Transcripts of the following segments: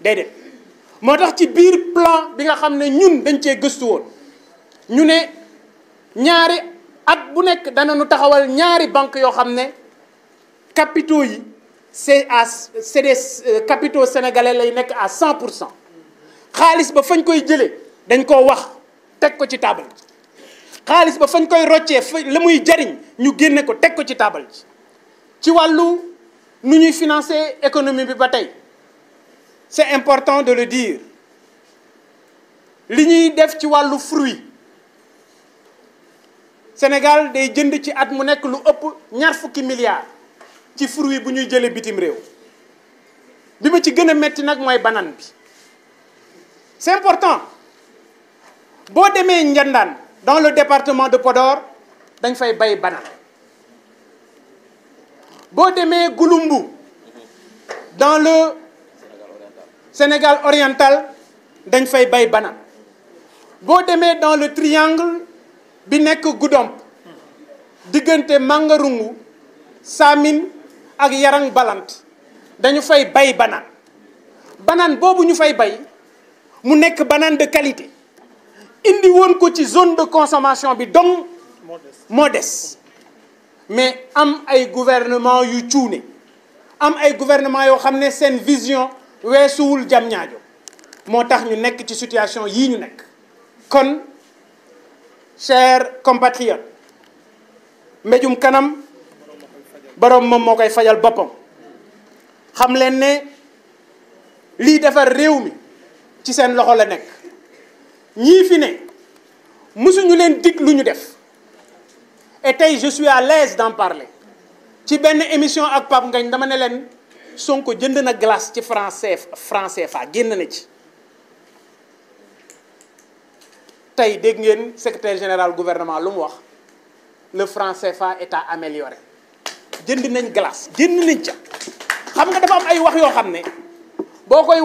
déedéet moo tax ci biir plan bi nga xam ne ñun dañ cee gëstu woon ñu ne ñaari at bu nekk dana nu taxawal ñaari banque yoo xam ne capitau yi c'est à c'est des euh, capitaux sénégalais lay nekk à cent pour cent xaalis ba fañ koy jëlee dañ koo wax teg ko ci taabal ji xaalis ba fañ koy roccee fa la muy jariñ ñu génne ko teg ko ci taabal ji ci wàllu nu ñuy financer économie bi ba tey c'est important de le dire li ñuy def ci walu fruit Sénégal day jënd ci at mu nekk lu ëpp ñaar fukki milliards ci fruit bu ñuy jëlé bitim réew Bima ci gëna metti nak moy banane bi c'est important Bo démé Ndiandane dans le département de Podor dañ fay bay banane. Bo démé Gulumbu dans le Sénégal oriental dañ fay bay bana boo démé dans le triangle bi nek Goudomp diggante Mangarungu Samin ak Yarang Balant dañu fay bay bana Banane bobu ñu fay bay mu nek banane de qualité indi won ko ci zone de consommation bi donc modeste. mais am ay gouvernement yu ciuné. am ay gouvernement yo xamné sen vision weesuwul jam ñaajo moo ñu nekk ci situation yi ñu nekk kon chers compatriotes mbéjum kanam barom mom moo koy fajal boppam xam leen ne li defar réew mi ci seen loxo la nekk ñii fi ne mësuñu leen dig lu ñu def et tey je suis à l'aise d'en parler ci benn émission ak pap Ngagne dama ne leen Sonko jënd na glace ci CFA na ci ngeen secrétaire général gouvernement lu le franc CFA est amélioré. jënd nañ glace nañ ci xam nga dafa am ay wax yoo xam ne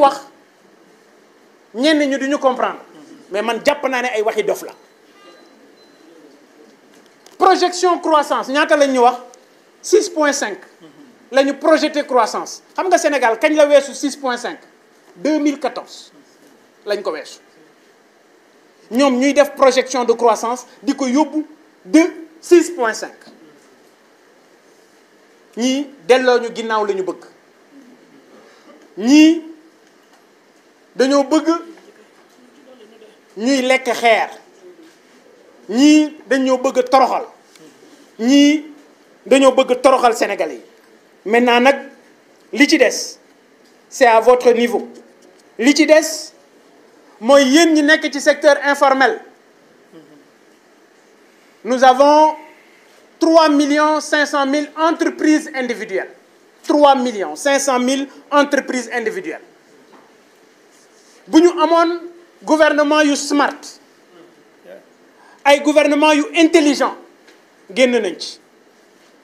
wax ñu duñu comprendre mais man jàpp naa ay waxi dof la projection croissance ñaata lañ ñu wax nous avons projeté croissance xam le Sénégal kañ la weesu 6 point 2014 lañ ko Nous avons ñuy une projection de croissance de 6.5. point 5 Nous, de de la Nous bëgg dañoo bëgg avons bëgg toroxal bëgg toroxal Sénégalais Maintenant, ce c'est à votre niveau. Ce qui est, c'est le secteur informel. Nous avons 3 500 000 entreprises individuelles. 3 500 000 entreprises individuelles. Si nous avons un gouvernement smart, un gouvernement intelligent,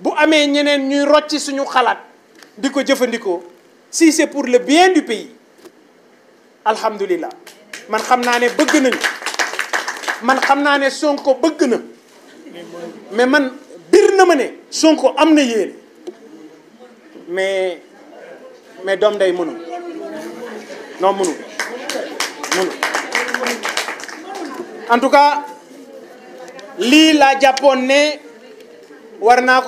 bu amee ñeneen ñuy rocci suñu xalaat di ko jëfandikoo si c'est pour le bien du pays alhamdulilah man xam naa ne bëgg nañu man xam naa ne Sonko bëgg na mais man bir na ma ne Sonko am na yéene mais mais doom day mënul non mënul mënul en tout cas lii laa jàppoon ne war naa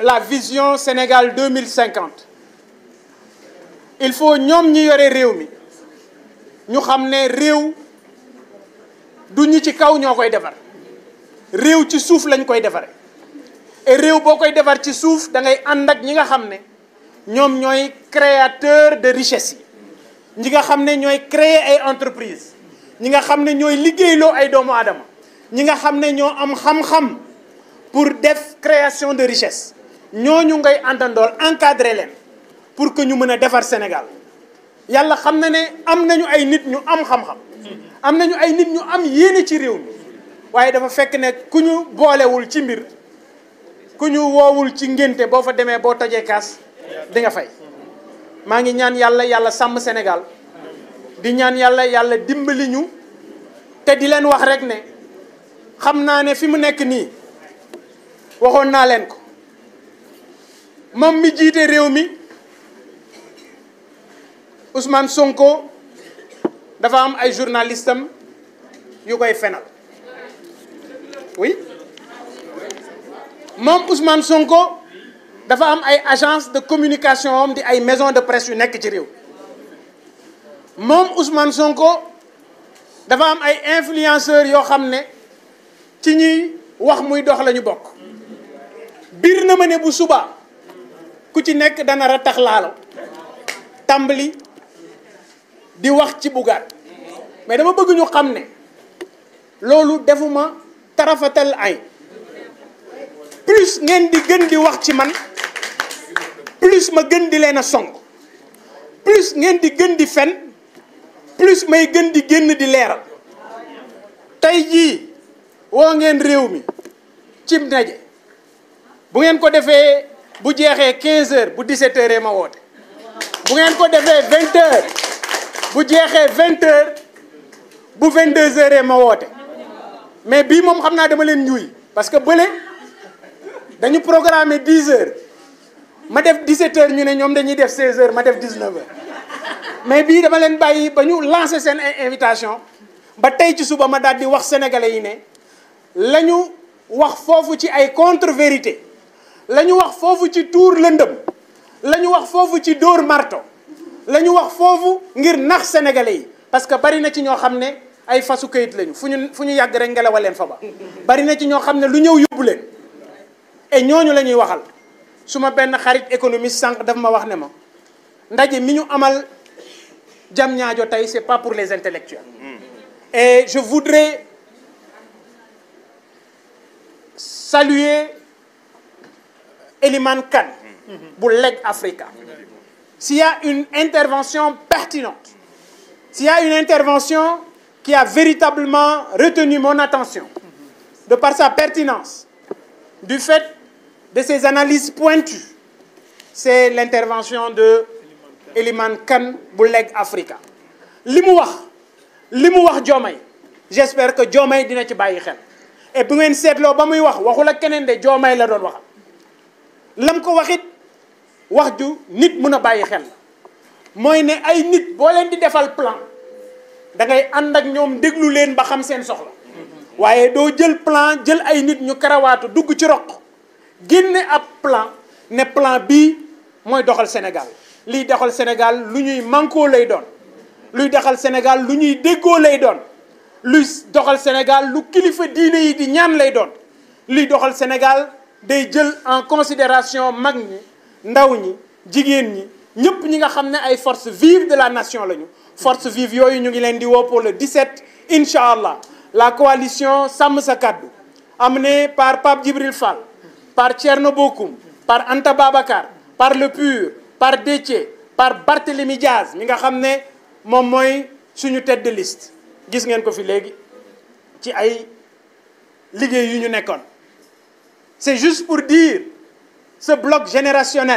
la vision Sénégal 2050 il faut ñoom ñi yore réew mi ñu xam ne réew du ñi ci kaw ñoo koy defar ci suuf lañ koy defare et réew boo koy qui ci suuf da ngay ànd ñi nga xam ne ñoom créateur de richesse yi ñi nga xam ne ñooy créer ay entreprise ñi nga xam ne ñooy liggéeyloo ay doomu aadama ñi nga xam ne ñoo am xam-xam pour def création de richesse ñooñu ngay àndandool encadrer leen pour que ñu mën a defar Sénégal yàlla xam na ne am nañu ay nit ñu am xam-xam am nañu ay nit ñu am yéene ci réew mi waaye dafa fekk ne ku ñu boolewul ci mbir ku ñu woowul ci ngénte boo fa demee boo tojee kaas di nga fay maa ngi ñaan yàlla yàlla sàmm Sénégal di ñaan yàlla yàlla dimbali ñu te di leen wax rek ne xam naa ne fi mu nekk nii waxoon naa leen ko moom mi jiite réew mi Ousmane Sonko dafa am ay journaliste am yu koy fenal oui moom Ousmane Sonko dafa am ay agence de communication am di ay maison de presse yu nekk ci réew mom Ousmane Sonko dafa am ay influenceurs yo xamne ne ci ñi wax muy dox lañu bok bir na ma ne bu suba ku ci nek dana tax laalo di wax ci bugaat mais dama bëgg ñu xamne lolu defuma tarafatal ay plus ngeen di gën di wax ci man plus ma gën di leena song plus ngeen di gën di fen plus may gën di génn di leeral tey jii woo ngeen réew mi cim bu ngeen ko defee bu jeexee 15 heures bu 17 heures ma woote bu ngeen ko defee 20 heures bu avez 20 heures bu 22 heures ma woote mais bii moom xam naa dama leen ñuy parce que bële dañu programmer 10 heures ma def 17 heures ñu avez ñoom 16 heures ma def 19 heures. mais bii dama leen bàyyi ba ñu lancé seen invitation ba tey ci suba ma daal di wax sénégalais yi ne la ñu wax foofu ci ay contre vérité la ñu wax foofu ci tuur lëndëm la ñu wax foofu ci dóor marto la ñu wax foofu ngir nax sénégalais yi parce que bari na ci ñoo xam ne ay fasu kayit lañu fu ñu fu ñu yàgg rek ngelaw leen fa ba bari na ci ñoo xam ne lu ñëw yóbbu leen ñooñu la ñuy waxal su ma benn xarit économiste sànq daf ma wax ne ma ndaje mi ñu amal ce c'est pas pour les intellectuels. Hmm. Et je voudrais saluer Eliman Khan pour Leg Africa. S'il y a une intervention pertinente, s'il y a une intervention qui a véritablement retenu mon attention, de par sa pertinence, du fait de ses analyses pointues, c'est l'intervention de Eliman Kan bu Leg Africa li wax wax j'espère que jomay dina ci bàyyi xel et bu ngeen bamuy wax waxula kenen de la doon vous lam ko waxit wax nit mun a xel moy ne ay nit di plan da ngay and ak ñom déglu len ba xam soxla jël plan jël ay nit ñu dugg ci roq ab plan ne plan bi moy doxal Sénégal li doxal Sénégal lu ñuy mànkoo lay doon luy doxal Sénégal lu ñuy déggoo lay doon luy doxal Sénégal lu kilifa diine yi di ñaan lay doon li doxal Sénégal day jël en considération mag ñi ndaw ñi jigéen ñi ñëpp ñi nga xam ay forces vives de la nation lañu force vive yooyu ñu ngi leen di pour le 17 incha allah la coalition sàmm sa amenée par Pape Djibril Fall par Thierno Bokoum par Anta Babacar par le PUR par Détier, par Barthélémy Diaz mi nga xam ne moom suñu tête de liste gis ngeen ko fi léegi ci ay liggéey yu ñu c'est juste pour dire ce bloc générationnel